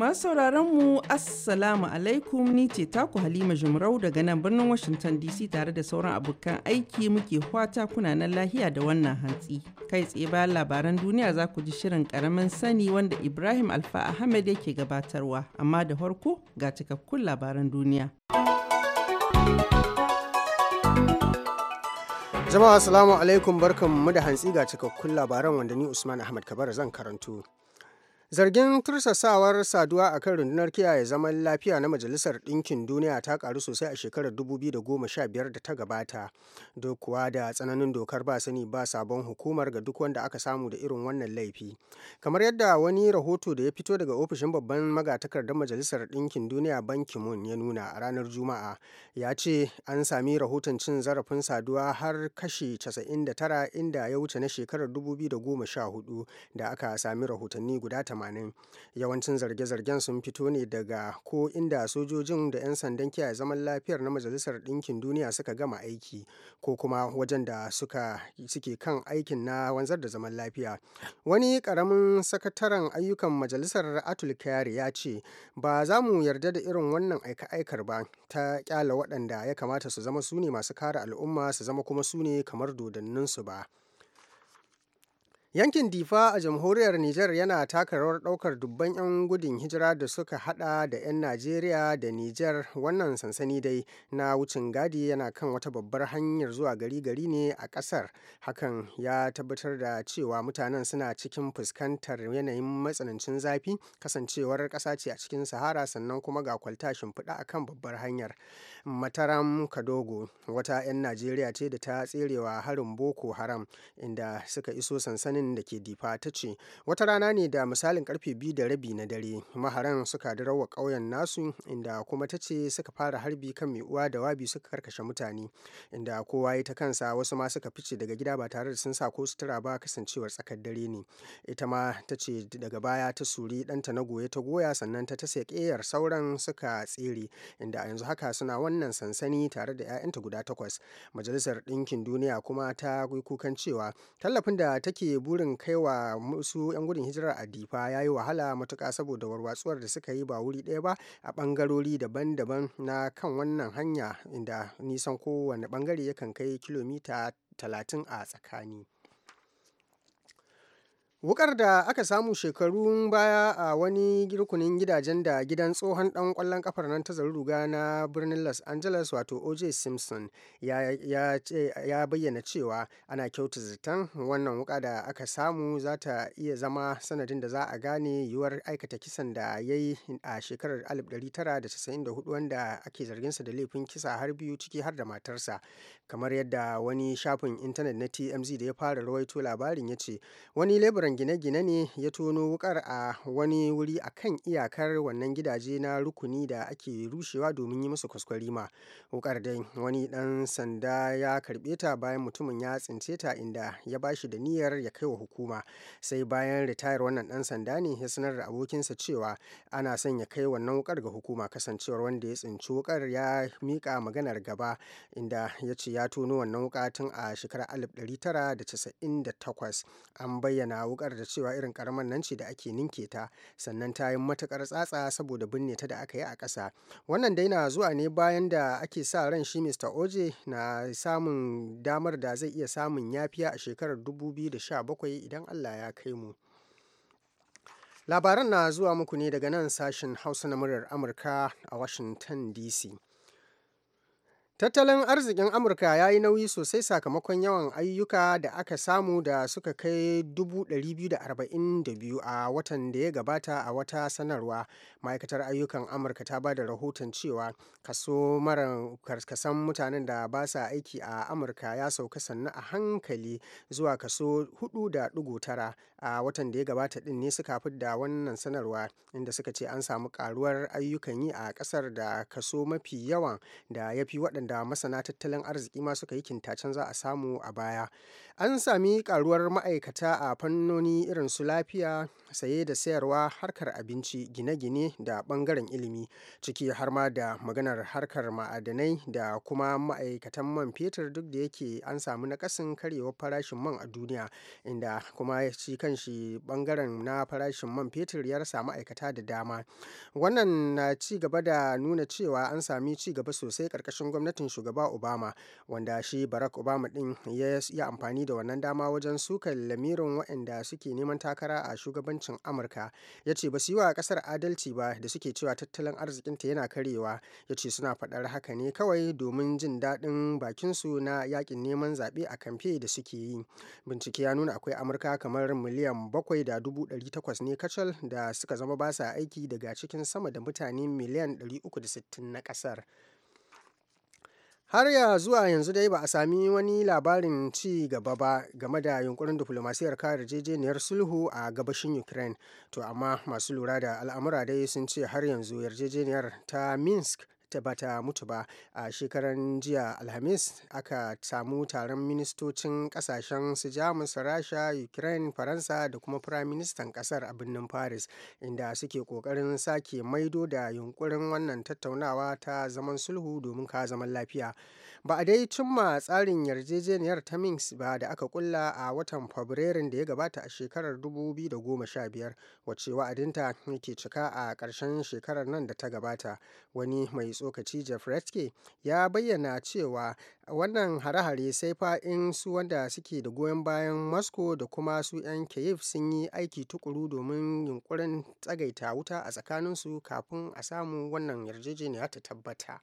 Masu sauraron mu Assalamu alaikum ni ce taku Halima Jumrau daga nan birnin Washington DC tare da sauran abokan aiki muke fata kuna nan lahiya da wannan hantsi. Kai tsaye bayan labaran duniya za ku ji shirin karamin sani wanda Ibrahim Alfa Ahmed yake gabatarwa amma da farko ga cikakkun labaran duniya. Jama'a Assalamu alaikum barkanmu da hantsi ga cikakkun labaran wanda ni Usman Ahmad kabara zan karanto. Zargin tursasawar saduwa a kan rundunar kiyaye zaman lafiya na Majalisar Ɗinkin Duniya ta karu sosai a shekarar 2015 da ta gabata, duk kuwa da tsananin dokar ba sani ba sabon hukumar ga duk wanda aka samu da irin wannan laifi. Kamar yadda wani rahoto da ya fito daga ofishin babban magatakardar Majalisar Ɗinkin Duniya banki mun ya nuna a ranar Juma'a, ya ce an sami rahoton cin zarafin saduwa har kashi 99 inda ya wuce na shekarar 2014 da aka sami rahotanni guda 80 yawancin zarge-zargen sun fito ne daga ko inda sojojin da 'yan sandan kiyaye zaman lafiyar na majalisar ɗinkin duniya suka gama aiki ko kuma wajen da suka suke kan aikin na wanzar da zaman lafiya wani karamin sakataren ayyukan majalisar atul kyari ya ce ba za mu yarda da irin wannan aika-aikar ba ta kyala waɗanda ya kamata su zama su ne masu kare al'umma su zama kuma su ne kamar dodanninsu ba Yankin Difa a jamhuriyar Nijar yana taka rawar ɗaukar dubban 'yan gudun hijira da suka hada da 'yan Najeriya da Nijar wannan sansani dai na wucin gadi yana kan wata babbar hanyar zuwa gari gari ne a ƙasar. Hakan ya tabbatar da cewa mutanen suna cikin fuskantar yanayin matsanancin zafi kasancewar ƙasa ce a cikin Sahara sannan kuma ga kwalta shimfiɗa a kan babbar hanyar. Mataram Kadogo wata 'yan Najeriya ce da ta tserewa harin Boko Haram inda suka iso sansanin birnin da ke Difa ta ce wata rana ne da misalin karfe biyu da rabi na dare maharan suka dirawa ƙauyen nasu inda kuma ta ce suka fara harbi kan mai uwa da wabi suka karkashe mutane inda kowa ya ta kansa wasu ma suka fice daga gida ba tare da sun sa ko sutura ba kasancewar tsakar dare ne ita ma ta ce daga baya ta suri ɗanta na goye ta goya sannan ta tasa ƙeyar sauran suka tsere inda a yanzu haka suna wannan sansani tare da 'ya'yanta guda takwas majalisar ɗinkin duniya kuma ta kukan cewa tallafin da take burin kaiwa musu 'yan gudun hijirar a difa ya yi wahala matuka saboda warwatsuwar da suka yi ba wuri ɗaya ba a ɓangarori daban-daban na kan wannan hanya inda nisan kowane bangare yakan kai kilomita 30 a tsakani. Wukar da aka samu shekarun baya a wani rukunin gidajen da gidan tsohon ɗan ƙwallon kafar nan ta ruga na birnin Los Angeles wato O.J. Simpson ya, bayyana cewa ana kyauta zaton wannan wuka da aka samu za ta iya zama sanadin da za a gane yiwuwar aikata kisan da ya yi a shekarar 1994 wanda ake zarginsa da laifin kisa har biyu ciki har da matarsa kamar yadda wani shafin intanet na TMZ da ya fara rawaito labarin ya ce wani leburan ministan gine-gine ne ya tono wukar a wani wuri a kan iyakar wannan gidaje na rukuni da ake rushewa domin yi musu kwaskwarima wukar dai wani dan sanda ya karbe ta bayan mutumin ya tsince ta inda ya ba shi da niyyar ya kai wa hukuma sai bayan ritayar wannan ɗan sanda ne ya sanar da abokinsa cewa ana son ya kai wannan wukar ga hukuma kasancewar wanda ya tsinci wukar ya mika maganar gaba inda ya ce ya tono wannan wuka tun a shekarar 1998 an bayyana wukar da cewa irin karamar nan ce da ake ninke ta sannan ta yi matukar tsatsa saboda binne ta da aka yi a ƙasa wannan dai na zuwa ne bayan da ake sa ran shi mr oje na samun damar da zai iya samun yafiya a shekarar 2017 idan allah ya kai mu labaran na zuwa muku ne daga nan sashen hausa na muryar amurka a washington dc Tattalin arzikin Amurka ya yi nauyi sosai sakamakon yawan ayyuka da aka samu da suka kai 242 a watan da ya gabata a wata sanarwa. Ma'aikatar Ayyukan Amurka ta ba da rahoton cewa kaso mara karkasan mutanen da ba sa aiki a Amurka ya sauka sannu a hankali zuwa kaso 4.9 a watan da ya gabata din ne suka fi da wannan sanarwa inda suka ce an samu karuwar ayyukan yi a kasar da kaso mafi yawan da ya fi waɗanda Da masana tattalin arziki ma suka yi kintacen za a samu a baya an sami karuwar ma'aikata a fannoni irin su lafiya saye da sayarwa harkar abinci gine-gine da bangaren ilimi ciki har ma da maganar harkar ma'adanai da kuma ma'aikatan man fetur duk da yake an samu nakasin karyewar farashin man a duniya inda kuma shi kanshi bangaren na farashin man fetur ya rasa ma'aikata da dama wannan na ci gaba da nuna cewa an sami ci gaba sosai karkashin gwamnati gwamnatin shugaba obama wanda shi barack obama din ya yi amfani da wannan dama wajen sukar lamirin waɗanda suke neman takara a shugabancin amurka ya ce ba su yi wa kasar adalci ba da suke cewa tattalin arzikinta yana karewa ya ce suna faɗar haka ne kawai domin jin daɗin bakinsu na yakin neman zaɓe a kamfe da suke yi bincike ya nuna akwai amurka kamar miliyan bakwai da dubu ɗari takwas ne kacal da suka zama ba sa aiki daga cikin sama da mutane miliyan ɗari uku da sittin na ƙasar. har ya zuwa yanzu dai ba a sami wani labarin ci gaba ba game da yunkurin diflomasiyar kare yarjejeniyar sulhu a gabashin ukraine to amma masu lura da al'amura dai sun ce har yanzu yarjejeniyar ta minsk ta bata mutu ba a shekaran jiya alhamis aka samu taron ministocin kasashen su jamus rasha ukraine faransa da kuma firaministan kasar a birnin paris inda suke kokarin sake maido da yunkurin wannan tattaunawa ta zaman sulhu domin ka zaman lafiya ba a dai cimma tsarin yarjejeniyar ta minsk ba da aka kulla a watan fabrairun da ya gabata a shekarar 2015 wacce wa'adinta ke cika a karshen shekarar nan da ta gabata wani mai tsokaci jeff retke ya bayyana cewa wannan hare-hare sai fa in su wanda suke da goyon bayan moscow da kuma su 'yan kyiv sun yi aiki tukuru domin yunkurin tsagaita wuta a tsakaninsu kafin a samu wannan yarjejeniya ta tabbata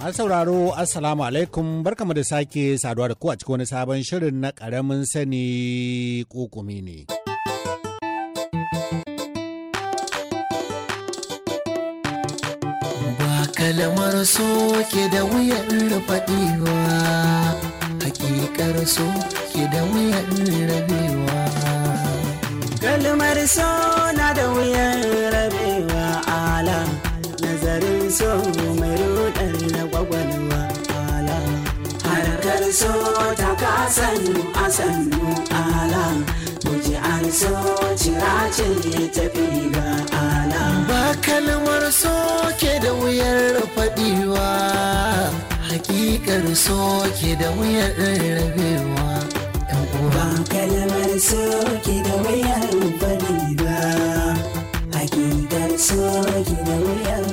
Masu sauraro Assalamu alaikum barkamu da sake saduwa da ku a cikin wani sabon shirin na ƙaramin sani kokumi ne. Ba kalmar so ke da wuyan faɗiwa, hakikar so ke da wuyan rabewa. Kalmar so na da wuyar rabewa alam. nazarin so mai rudar na gwagwalwa ala harkar so ta kasannu a sannu ala Muji an so ciracin ya tafi ga ala ba kalmar so ke da wuyar faɗiwa hakikar so ke da wuyar rabewa. ba kalmar so ke da wuyar faɗiwa hakikar so ke da wuyar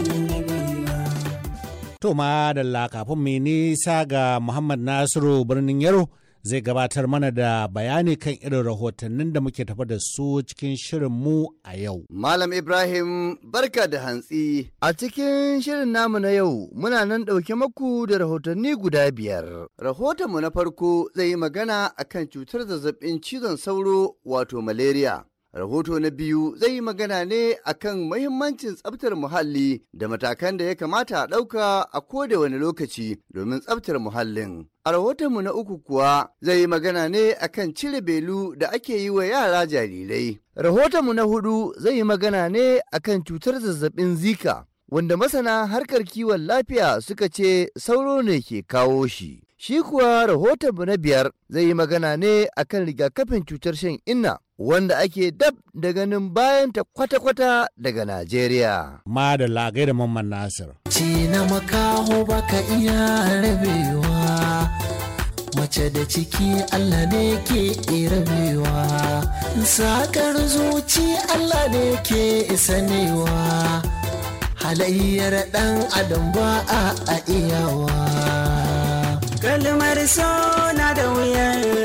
To ma da kafin mai nisa ga Muhammad Nasiru birnin Yaro zai gabatar mana da bayani kan irin rahotannin da muke tafa da su cikin shirin mu a yau. Malam Ibrahim barka da hantsi. A cikin shirin namu na yau muna nan ɗauke maku da rahotanni guda biyar. Rahotonmu na farko zai yi magana akan cutar zazzabin cizon sauro wato malaria. Rahoto na biyu zai yi magana ne akan mahimmancin tsabtar muhalli da matakan da ya kamata a ɗauka a koda wani lokaci domin tsabtar muhallin. A rahotonmu na uku kuwa zai yi magana ne akan cire belu da ake yi wa yara jarirai. Rahotonmu na hudu zai yi magana ne akan cutar zazzabin zika. Wanda masana harkar kiwon lafiya suka ce sauro ne ke kawo shi. Shi kuwa rahotonmu na biyar zai yi magana ne akan rigakafin cutar shan inna wanda ake dab da ganin ta kwata-kwata daga Najeriya. Ma da lagai da Mamman Nasir. Ci na makaho baka iya rabewa, mace da ciki Allah ne ke rabewa, sakar zuci Allah ne ke isanewa, halayyar ɗan adam ba a iyawa. Kalmar so na da wuyar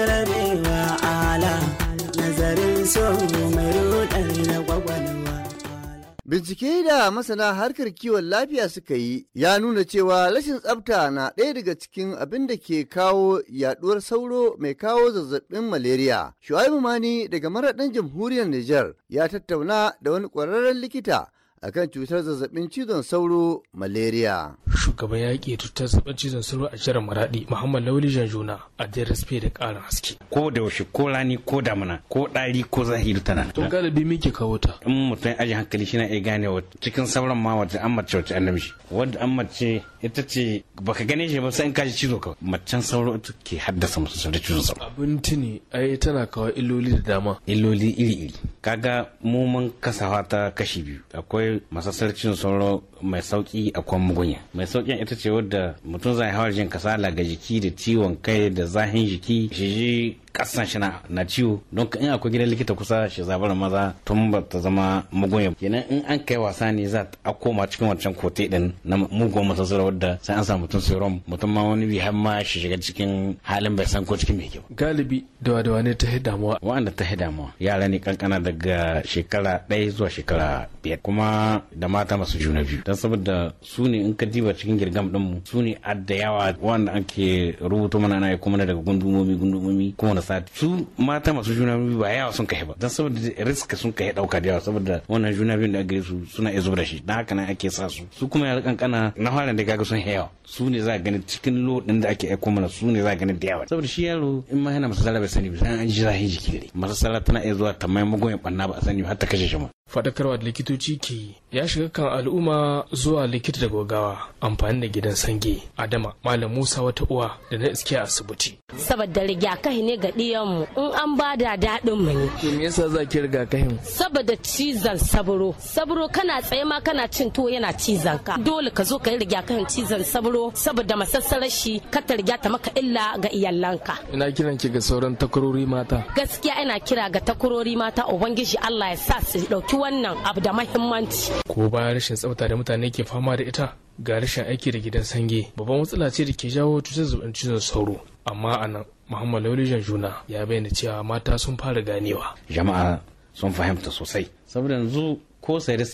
Bincike da masana harkar kiwon lafiya suka yi ya nuna cewa rashin tsafta na ɗaya daga cikin abin da ke kawo yaɗuwar sauro mai kawo zazzabin malaria. Shu'aibu Mani daga maraɗin jamhuriyar Nijar ya tattauna da wani ƙwararren likita A kan cutar zazzabin cizon sauro malaria. Shugaban yaƙi cutar zazzabin cizon sauro a jihar maraɗi. Muhammad Lauli Janjuna a jihar da ƙarin haske. Ko da yaushe ko rani ko damina, ko ɗari ko zahiru tana. Tun galibi ke kawo ta. In mutum aji hankali shi na iya gane cikin sauran ma wata an mace wata an namiji. an mace ita ce baka gane shi ba sai in kaji cizo ka. Macen sauro ita ke haddasa musu sauro cizon sauro. Abin tuni ai tana kawo illoli da dama. Illoli iri-iri. kaga mu mun kasawa ta kashi biyu akwai masasarcin sauro mai sauki akwai mugunya mai saukin ita ce wadda mutum zai hawar jin kasala ga jiki da ciwon kai da zahin jiki shi kasan shi na ciwo don in akwai gidan likita kusa shi zabar maza tun ba ta zama mugun kenan in an kai wasa ne za a koma cikin wancan kote din na mugun zura wadda sai an samu mutum rom mutum ma wani bi har ma shi shiga cikin halin bai san ko cikin mai kyau galibi da dawa ne ta damuwa wa'anda ta damuwa yara ne kankana daga shekara ɗaya zuwa shekara biyar kuma da mata masu juna biyu don saboda su ne in ka diba cikin girgam din mu su ne da yawa wanda ake rubuta mana ana kuma daga gundumomi gundumomi kuma sati su mata masu juna biyu ba yawa sun kai ba dan saboda riska sun kai dauka da yawa saboda wannan juna biyun da aka su suna iya zubar shi dan haka nan ake sa su su kuma yar kankana na fara da kaga sun yawa su ne za gani cikin lodin da ake aiko mana su ne za gani da yawa saboda shi yaro in ma yana sallah bai sani ba sai an ji zahin jiki masu sallah tana iya zuwa ta mai ya banna ba a sani har ta kashe shi ma faɗakarwa da likitoci ke ya shiga kan al'umma zuwa likita da gogawa amfani da gidan sange adama malam musa wata uwa da na iske asibiti saboda rigakahi ne ga ɗiyanmu in an ba da daɗin mu ne me yasa za ki rigakafin saboda cizon sabro sabro kana tsaye ma kana cin tuwo yana cizon ka dole ka zo ka yi rigakafin cizon sabro saboda masassarar shi ka ta ta maka illa ga iyalanka ina kiran ki ga sauran takurori mata gaskiya ina kira ga takurori mata ubangiji Allah ya sa su dauki wannan abu da mahimmanci. Ko bayan rashin tsafta da mutane ke fama da ita ga rashin aiki da gidan sange babban matsala ce da ke jawo cutar zazzabin cizon sauro amma a nan Muhammad Lauli juna ya bayyana cewa mata sun fara ganewa. Jama'a sun fahimta sosai saboda yanzu ko sayar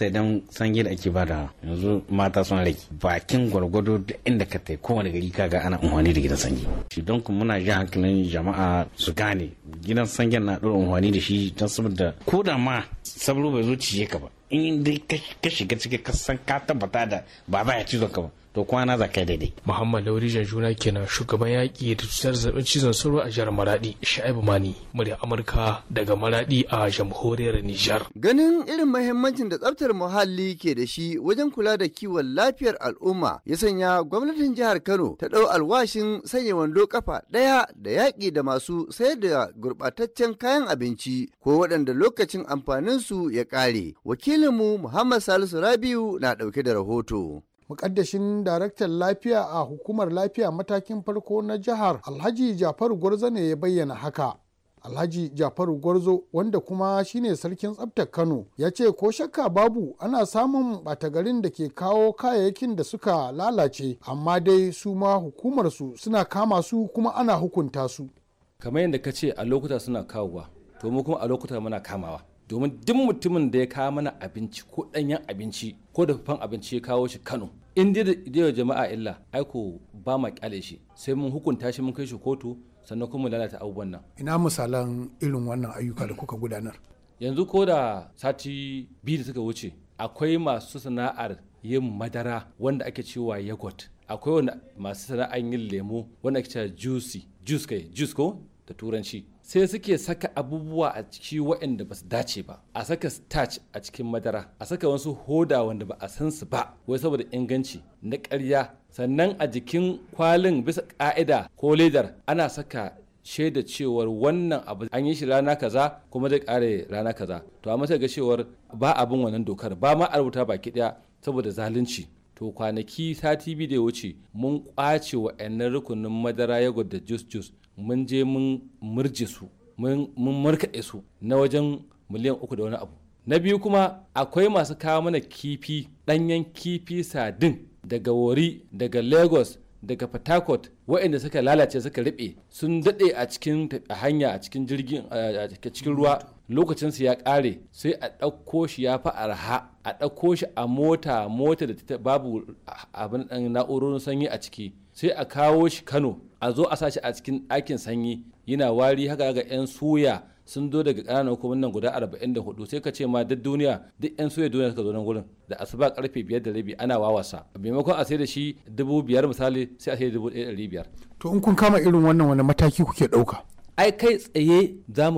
sange da ake bada yanzu mata sun rage bakin gwargwado da inda ka tai kowane gari kaga ana unhwani da gidan sange. shi don kuma muna ji hankalin jama'a su gane gidan sange na ɗora unhwani da shi don saboda ko da ma sabro bai zo ciye ka ba in dai ka shiga cikin kasan ka tabbata da ba za ya cizon ka ba to kwana za kai daidai. Muhammad Lauri Janjuna kenan shugaban yaƙi da cutar zaɓen cizon sauro a jihar maraɗi Sha'ibu Mani murya Amurka daga maraɗi a jamhuriyar Nijar. Ganin irin mahimmancin da tsaftar muhalli ke da shi wajen kula da kiwon lafiyar al'umma ya sanya gwamnatin jihar Kano ta ɗau alwashin sanya wando kafa ɗaya da yaƙi da masu sayar da gurɓataccen kayan abinci ko waɗanda lokacin amfaninsu ya ƙare. Wakilinmu Muhammad Salisu Rabiu na ɗauke da rahoto. mukaddashin daraktan lafiya a hukumar lafiya matakin farko na jihar alhaji jafaru gwarzo ne ya bayyana haka alhaji jafaru gwarzo wanda kuma shine sarkin tsabtar kano ya ce ko shakka babu ana samun batagarin da ke kawo kayayyakin da suka lalace amma dai su ma hukumarsu suna kama su kuma ana hukunta su kamar yadda ka ce a lokuta suna kawowa to mu kuma a lokuta muna kamawa domin duk mutumin da ya kawo mana abinci ko ɗanyen abinci ko dafaffen abinci ya kawo shi kano in dai jama'a illa aiko ba ma kyale shi sai mun hukunta shi mun kai shi kotu sannan kuma lalata abubuwan nan ina misalan irin wannan ayyuka da kuka gudanar yanzu ko da sati biyu da suka wuce akwai masu sana'ar yin madara wanda ake cewa yogurt akwai masu sana'ar yin lemo wanda ake cewa juicy juice kai juice ko da turanci sai suke saka abubuwa a ciki waɗanda ba su dace ba a saka starch a cikin madara a saka wasu hoda wanda ba a san su ba wai saboda inganci na ƙarya sannan a jikin kwalin bisa ƙa'ida ko ledar ana saka shaida cewar wannan abu an yi shi rana kaza kuma zai kare rana kaza to amma sai ga cewar ba abin wannan dokar ba ma a rubuta baki ɗaya saboda zalunci to kwanaki sati biyu da wuce mun kwace wa'annan rukunin madara ya da jus jus. mun je mun murje su mun markaɗe su na wajen miliyan uku da wani abu na biyu kuma akwai masu kawo mana kifi ɗanyen kifi sadin daga wori daga lagos daga port waɗanda suka lalace suka riɓe sun daɗe a cikin hanya a cikin jirgin a cikin ruwa lokacin su ya ƙare sai a ɗauko shi ya fi arha a ɗauko shi a mota mota da ta babu abin na'urorin sanyi a ciki sai a kawo shi kano a zo a sashi a cikin ɗakin sanyi yana wari haka ga 'yan suya sun zo daga ƙananan hukumar nan guda 44 sai ka ce ma duk duniya duk 'yan suya duniya suka zo nan gurin da asuba karfe 5 da rabi ana wawasa maimakon a sai da shi dubu misali sai a sai da 1,500 to in kun kama irin wannan wani mataki kuke ɗauka. ai kai tsaye za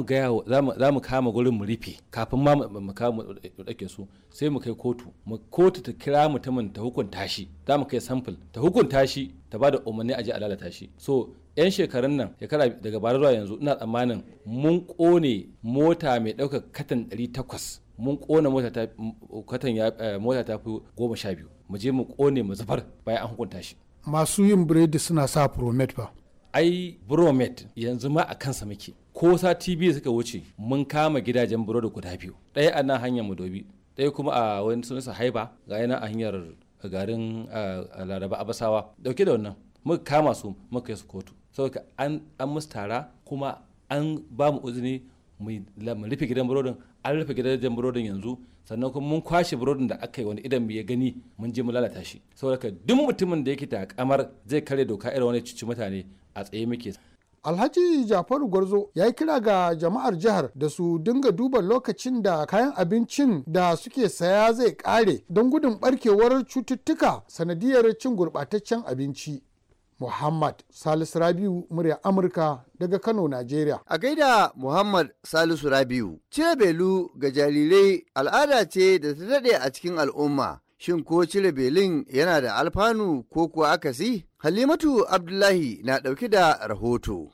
mu kama gurin mu rufe kafin ma mu kama mu dake su sai mu kai kotu mu kotu ta kira mutumin ta hukunta shi za mu kai sample ta hukunta shi ta bada umarni a je a lalata shi so yan shekarun nan shekara daga bara zuwa yanzu ina tsammanin mun kone mota mai ɗaukar katan 800 mun kona mota ta eh, mota ta fi goma sha biyu mu je mu kone mu zubar bayan an hukunta shi masu yin biredi suna sa promet ba ai bromet yanzu ma a kansa muke ko sati biyu suka wuce mun kama gidajen burodi guda biyu ɗaya a nan hanyar dobi ɗaya kuma a wani sa haiba ga yana a hanyar garin laraba abasawa dauke da wannan muka kama su muka yi su kotu saboda an musu tara kuma an ba mu uzini mu rufe gidan burodin an rufe gidajen burodin yanzu sannan kuma mun kwashe burodin da aka yi wani idan mu ya gani mun je mu lalata shi saboda duk mutumin da yake kamar zai kare doka irin wani cici mutane a tsaye muke alhaji jafaru gwarzo ya yi kira ga jama'ar jihar da su dinga duba lokacin da kayan abincin da suke saya zai kare don gudun barkewar cututtuka sanadiyar cin gurɓataccen abinci Muhammad Salisu Rabiu murya Amurka daga Kano, Najeriya. A gaida Muhammad Salisu Rabiu, cire belu ga jarirai al'ada ce da ta daɗe a cikin al'umma. Shin ko cire belin yana da alfanu ko kuwa akasi? Halimatu Abdullahi na ɗauki da rahoto.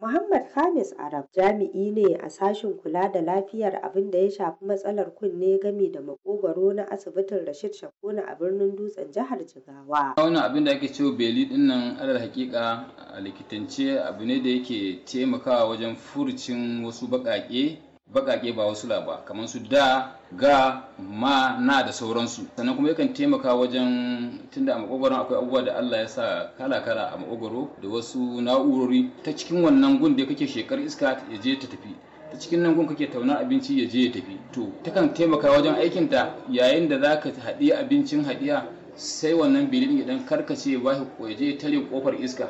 Muhammad Khamis Arab jami'i ne a sashen kula da lafiyar abin da ya shafi matsalar kunne gami da maƙogwaro na asibitin Rashid Shakuna a birnin Dutsen jihar Jigawa. Wannan abin da ake cewa beli din nan alal hakika a likitance abu ne da yake taimakawa wajen furucin wasu baƙaƙe baƙaƙe ba wasu ba kamar su da ga ma na da sauransu sannan kuma yakan taimaka wajen tunda a makogwaron akwai abubuwa da Allah ya sa kala-kala a makogwaro da wasu na'urori ta cikin wannan gun da kake shekar iska ya je ta tafi ta cikin nan gun kake tauna abinci ya je ya tafi to takan taimaka wajen aikin ta yayin da zaka haɗi abincin haɗiya sai wannan bilin idan karkace ba ya je tare kofar iska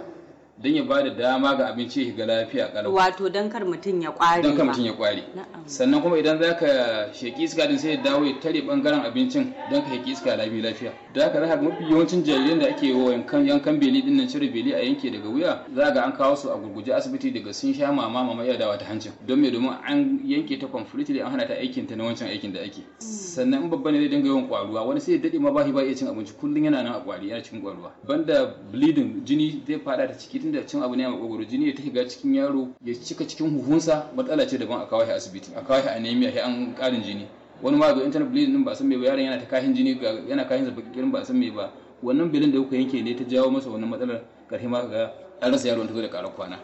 don ya ba da dama ga abinci ya ga lafiya kalau wato don kar mutum ya kware don kar mutum ya kware sannan kuma idan zaka sheki iska din sai ya dawo ya tare bangaren abincin don ka sheki iska lafiya lafiya da haka zaka mafi yawancin jariran da ake wa yankan yankan beli din nan cire beli a yanke daga wuya za ga an kawo su a gurguje asibiti daga sun sha mama mama ya dawo ta hancin don me domin an yanke ta completely an hana ta aikin ta na wancan aikin da ake mm. sannan in babba ne zai dinga yawan kwaruwa wani sai ya dade ma ba shi ba iya cin abinci kullum yana nan a kwari yana cikin kwaruwa banda bleeding jini zai fada ta ciki tunda cin abu ne a makogoro jini ya tafi ga cikin yaro ya cika cikin huhunsa matsala ce daban a kawo shi asibiti a kawo shi anemia sai an karin jini wani ma ga internet bleeding din ba san me ba yaron yana ta kahin jini yana kahin sa bakin ba san me ba wannan bilin da kuka yanke ne ta jawo masa wannan matsalar karfi ma ga an rasa yaron ta zo da karar kwana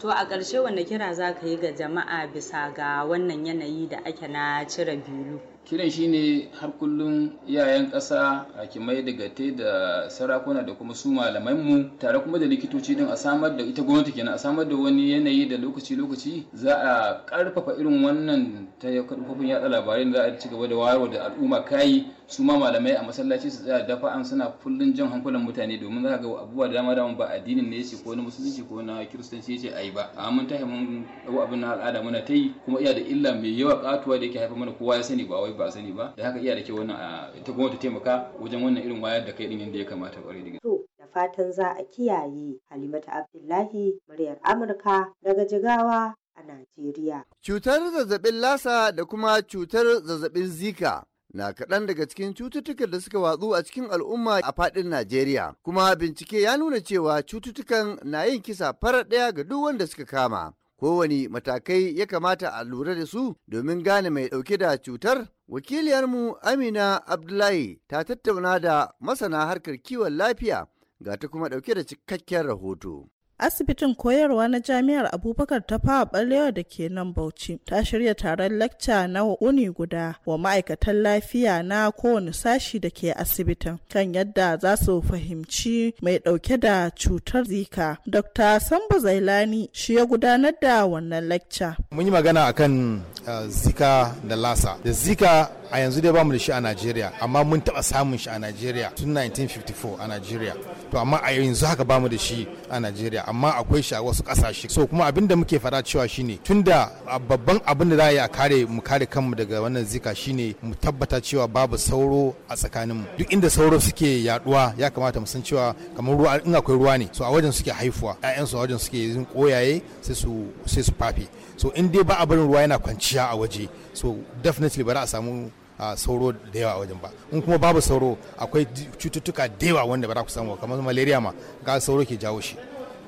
To a ƙarshe wanda kira za ka yi ga jama'a bisa ga wannan yanayi da ake na cire bilu? kiran shine har kullum iyayen ƙasa hakimai da gate da sarakuna da kuma su malamanmu tare kuma da likitoci din a samar da ita gwamnati kenan a samar da wani yanayi da lokaci lokaci za a karfafa irin wannan ta karfafin yada labarai da za a ci gaba da wayar da al'umma kai su ma malamai a masallaci su tsaya dafa an suna kullun jan hankulan mutane domin za ga abubuwa da dama dama ba addinin ne yace ko na musulunci ko na kiristanci yace ayi ba amma mun tafi mun abu abin na al'ada muna ta yi kuma iya da illa mai yawa katuwa da yake haifar mana kowa ya sani ba wai ba sani ba da haka iya da ke wannan ta ta taimaka wajen wannan irin wayar da kai din yadda ya kamata kwarai da gaske fatan za a kiyaye halimata abdullahi muryar amurka daga jigawa a najeriya cutar zazzabin lasa da kuma cutar zazzabin zika na kaɗan daga cikin cututtukan da suka watsu a cikin al'umma a faɗin Najeriya. Kuma bincike ya nuna cewa cututtukan na yin kisa farar ɗaya ga duk wanda suka kama. Kowane matakai ya kamata a lura da su domin gane mai ɗauke da cutar? Wakiliyarmu Amina Abdullahi ta tattauna da masana harkar kiwon lafiya ga ta kuma ɗauke da cikakken rahoto. asibitin koyarwa na jami'ar abubakar ta fawa balewa da ke nan bauchi ta shirya taron lakca na wuni guda wa ma'aikatan lafiya na kowane sashi da ke asibitin kan yadda za su fahimci mai ɗauke da cutar zika dr sambo zailani shi ya gudanar da wannan lakca mun yi magana akan eh, zika da lasa da zika a yanzu dai bamu da shi a Najeriya amma mun taba samun shi a Najeriya tun 1954 a Najeriya to amma a yanzu haka bamu da shi a Najeriya amma akwai shi a wasu ƙasashe so kuma abin da muke fara cewa shine tunda babban abin da za a yi a kare mu kare kanmu daga wannan zika shine mu tabbata cewa babu sauro a tsakaninmu duk inda sauro suke yaduwa ya kamata mu san cewa kamar ruwa in akwai ruwa ne so a wajen suke haifuwa su a wajen suke yin koyaye sai su sai su fafe so in dai ba a barin ruwa yana kwanciya a waje so definitely ba za a samu sauro da yawa wajen ba in kuma babu sauro akwai cututtuka da yawa wanda ba za ku samu kamar malaria ma ga sauro ke jawo shi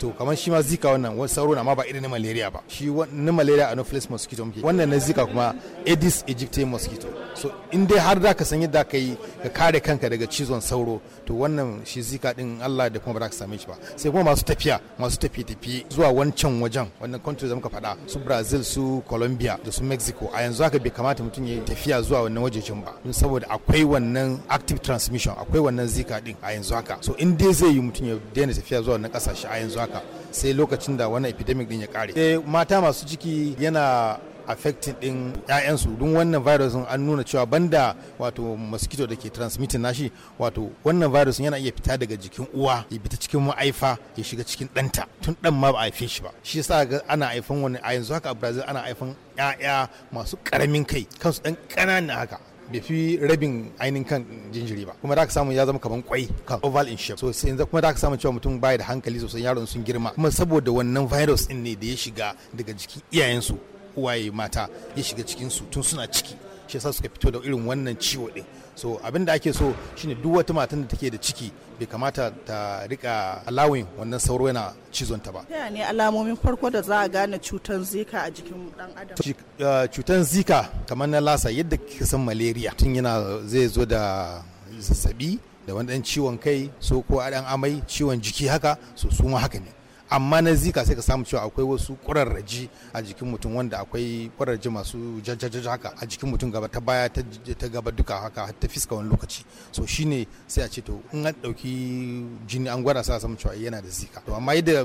to kamar shi ma zika wannan wani sauro na ma ba irin na malaria ba shi na malaria anopheles mosquito muke wannan na zika kuma aedes aegypti mosquito so in dai har da ka san yadda ka yi ka kare kanka daga cizon sauro to wannan shi zika din Allah da kuma ba za ka same shi ba sai kuma masu tafiya masu tafiye tafiye zuwa wancan wajen wannan country da muka faɗa su Brazil su Colombia da su Mexico a yanzu haka bai kamata mutum ya tafiya zuwa wannan wajejen ba don saboda akwai wannan active transmission akwai wannan zika din a yanzu haka so in dai zai yi mutum ya daina tafiya zuwa wannan kasashe a yanzu haka haka sai lokacin da wannan epidemic din ya kare sai eh, mata masu ciki yana affecting din 'ya'yansu don wannan virus an nuna cewa banda wato mosquito da ke transmitting nashi wato wannan virus yana iya fita daga jikin uwa ya fita cikin ma'aifa ya shiga cikin ɗanta tun ɗan ma ba a haife shi ba shi yasa ga ana haifan wani a yanzu haka a brazil ana haifan 'ya'ya masu ƙaramin kai kansu ɗan ƙanana haka bai fi rabin ainihin kan jinjiri ba kuma da aka samu ya zama kaman kwai kan oval in shape so sai kuma da aka samu cewa mutum baya da hankali sosai yaron sun girma kuma saboda wannan virus din ne da ya shiga daga jikin iyayensu uwaye mata ya shiga cikin su tun suna ciki shi yasa suka fito da irin wannan ciwo din so abin da ake so shine duk wata matan da take da ciki bai kamata ta rika alawin wannan sauro yana cizon ta ba ta ne alamomin farko da za a gane cutar zika a jikin dan adam eh, cutar zika kamar na lasa yadda kika san malaria tun yana zai zo da zazzabi da wani dan ciwon kai so ko a dan amai ciwon jiki haka so su ma haka ne amma na zika sai ka samu cewa akwai wasu ƙurarraji a jikin mutum wanda akwai ƙurarraji masu jajjajaja haka a jikin mutum gaba ta baya ta gaba duka haka ta fiska wani lokaci so shine sai a ce to in an ɗauki jini an gwada sa samu cewa yana da zika to amma yadda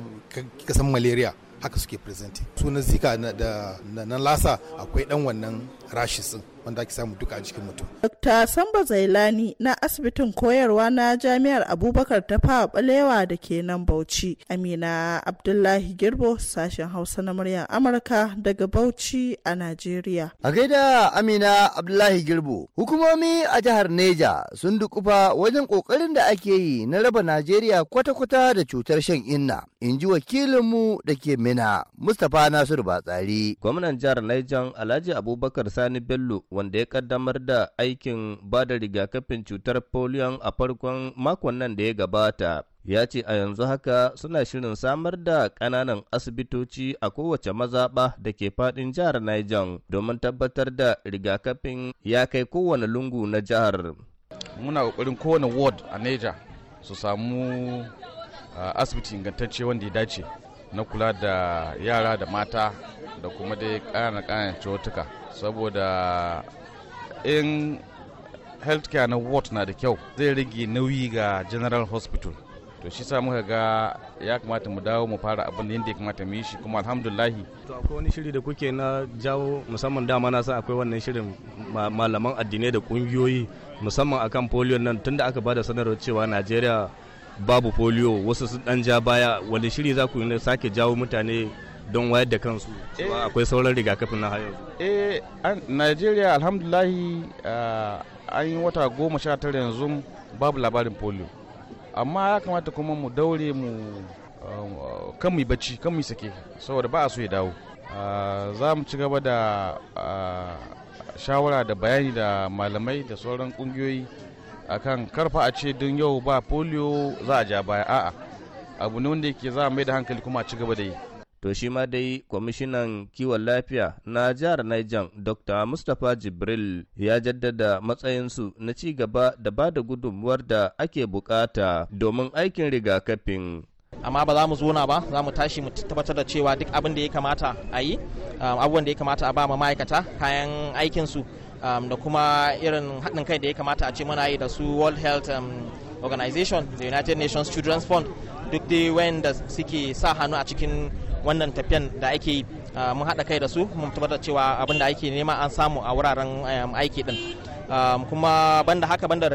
ka san malaria haka suke presenti su na zika da na lasa akwai dan wannan rashis wanda ake samu duka a jikin mutum. Dokta Samba Zailani na asibitin koyarwa na jami'ar Abubakar ta fawa balewa da ke nan Bauchi. Amina Abdullahi Girbo sashen Hausa na muryar Amurka daga Bauchi a Najeriya. A gaida Amina Abdullahi Girbo, hukumomi a jihar Neja sun dukufa wajen kokarin da ake yi na raba Najeriya kwata-kwata da cutar shan inna, in ji wakilinmu da ke Mina, Mustapha Nasiru Batsari. Gwamnan jihar Niger Alhaji Abubakar Sani Bello wanda ya kaddamar da aikin ba da rigakafin cutar polio a farkon makon nan da ya gabata ya ce a yanzu haka suna shirin samar da kananan asibitoci a kowace mazaɓa da ke fadin jihar Niger domin tabbatar da rigakafin ya kai kowane lungu na jihar. Muna kokarin kowane ward a Niger su samu asibiti ingantacce wanda ya dace na kula da yara da mata da kuma dai ƙananan ƙananan cutuka. saboda in healthcare na ward na da kyau zai rage nauyi ga general hospital to shi sa muka ga ya kamata mu dawo mu fara abin yadda ya kamata mu yi shi kuma alhamdulahi to akwai wani shiri da kuke na jawo musamman dama na san akwai wannan shirin malaman addinai da kungiyoyi musamman akan polio nan tunda aka bada sanarwar cewa Najeriya babu polio wasu sun dan ja baya wani shiri za ku sake jawo mutane don wayar da kansu cewa eh. akwai sauran rigakafin na yanzu eh Najeriya alhamdulahi ah, an yi wata goma sha tara yanzu babu labarin polio amma ya kamata kuma mu daure mu ah, kan mu bacci kan mu sake saboda ba a so ya dawo ah, za mu ci gaba da shawara da bayani da malamai da sauran kungiyoyi akan karfa a ce don yau ba polio za a ja baya a'a abu ne wanda yake za a mai da hankali kuma a ci gaba da yi To shi ma dai kwamishinan kiwon lafiya na jihar Niger Dr. Mustapha Jibril ya jaddada matsayinsu na ci gaba da ba da gudunmuwar da ake bukata domin aikin rigakafin. amma ba za mu na ba za mu tashi mu tabbatar da cewa duk abin da ya kamata a yi um, abubuwan da ya kamata a ba ma ma'aikata kayan aikinsu um, da kuma irin haɗin kai da ya kamata a ce muna yi da su world health um, organization the united nations children's fund duk dai da suke sa hannu a cikin wannan tafiyan da ake yi ah, mun haɗa kai da su mun tabbatar cewa abin da ake nema an samu a wuraren ehm, aiki din ehm, kuma banda haka banda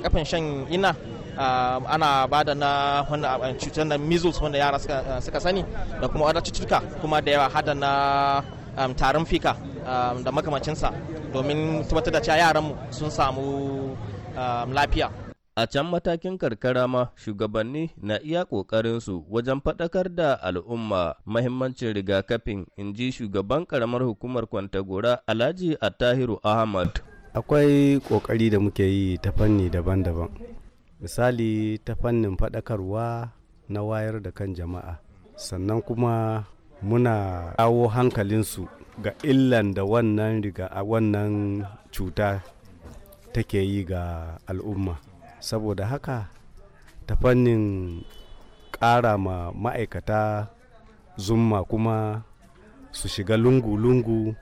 kafin shan ina ehm, ana ba da na eh, cutar da measles wanda yara suka eh, sani da kuma wadda cututtuka kuma da yawa hada na tarin fika da makamacinsa domin tabbatar da cewa mu sun samu lafiya A can matakin karkara ma shugabanni na iya ƙoƙarinsu wajen faɗakar da al'umma mahimmancin rigakafin in ji shugaban ƙaramar hukumar Kwantagora Alhaji Attahiru Ahmad. Akwai ƙoƙari da muke yi ta fanni daban-daban. Misali ta fannin faɗakarwa na wayar da kan jama'a. Sannan kuma muna kawo hankalinsu ga illan da wannan cuta take yi ga al'umma. saboda haka ta fannin ƙara ma ma'aikata zumma kuma su shiga lungu-lungu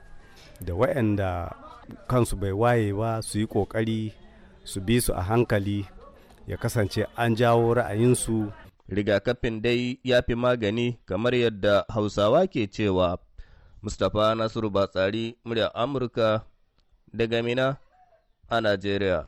da waɗanda kansu bai waye ba su yi ƙoƙari su bi su a hankali ya kasance an jawo ra'ayinsu rigakafin dai ya fi magani kamar yadda hausawa ke cewa mustapha nasiru batsari murya amurka daga mina a nigeria.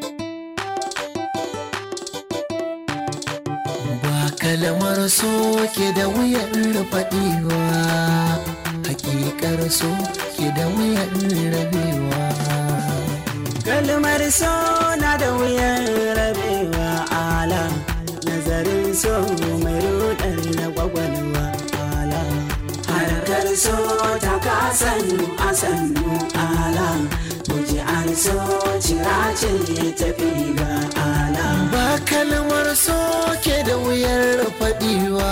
kalamar so ke da wuyan faɗiwa hakikar so ke da wuyan rabewa kalmar so na da wuyan rabewa ala nazarin so mai rudar na gwagwalwa ala harkar so ta kasannu a sannu ala an so cira ce tafi Ba ala ba kalmar so wuyar faɗiwa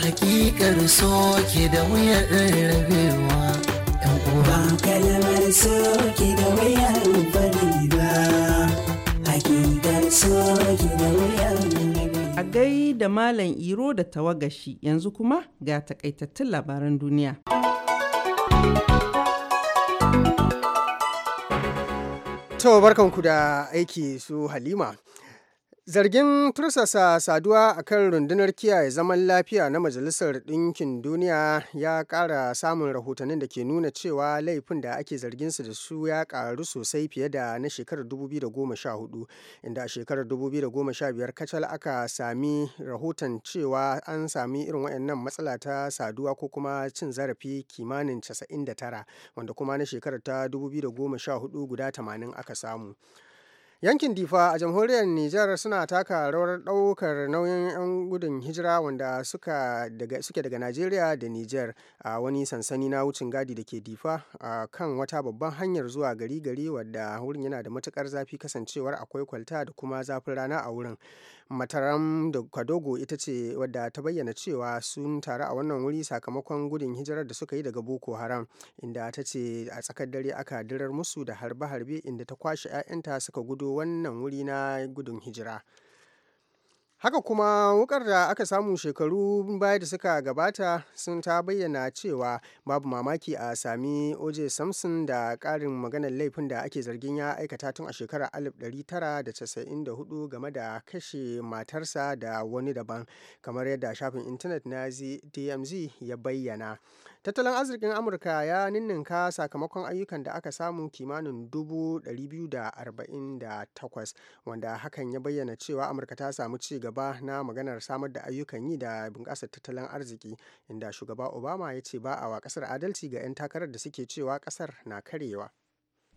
hakikar soke da wuyar rabewa yan uwa kalmar soke da wuyar faɗiwa hakikar soke da wuyar a gai da malam iro da tawagashi yanzu kuma ga takaitattun labaran duniya To barkanku da aiki su Halima. Zargin tursasa saduwa a kan rundunar kiyaye zaman lafiya na Majalisar Ɗinkin Duniya ya ƙara samun rahotannin da ke nuna cewa laifin da ake zarginsu da su ya ƙaru sosai fiye da na shekarar 2014, inda a shekarar 2015 kacal aka sami rahoton cewa an sami irin waɗannan matsala ta saduwa ko kuma cin zarafi kimanin 99, wanda kuma na shekarar ta 2014 guda 80 aka samu. Yankin Difa a jamhuriyar Nijar suna taka rawar ɗaukar nauyin 'yan gudun hijira wanda suka daga, suke daga Najeriya da Nijar a wani sansani na wucin gadi da ke Difa a kan wata babban hanyar zuwa gari gari wadda wurin yana da matukar zafi kasancewar akwai kwalta da kuma zafin rana a wurin. mataram da kadogo ita ce wadda ta bayyana cewa sun taru a wannan wuri sakamakon gudun hijirar da suka yi daga boko haram inda ta ce a tsakar dare aka dirar musu da harbe-harbe inda ta kwashe 'ya'yanta suka gudo wannan wuri na gudun hijira Haka kuma wukar da aka samu shekaru baya da suka gabata sun ta bayyana cewa babu mamaki a sami OJ samson da karin maganar laifin da ake zargin ya aikata tun a shekarar 1994 game da kashe matarsa da wani daban kamar yadda shafin intanet na DMZ ya bayyana. Tattalin arzikin Amurka ya ninninka sakamakon ayyukan da aka samu kimanin 248 wanda hakan ya bayyana cewa Amurka ta samu ci gaba na maganar samar da ayyukan yi da bunƙasar tattalin arziki inda shugaba Obama ya ce ba a wa ƙasar adalci ga 'yan takarar da suke cewa ƙasar na karewa.